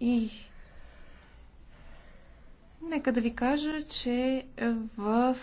И нека да ви кажа, че в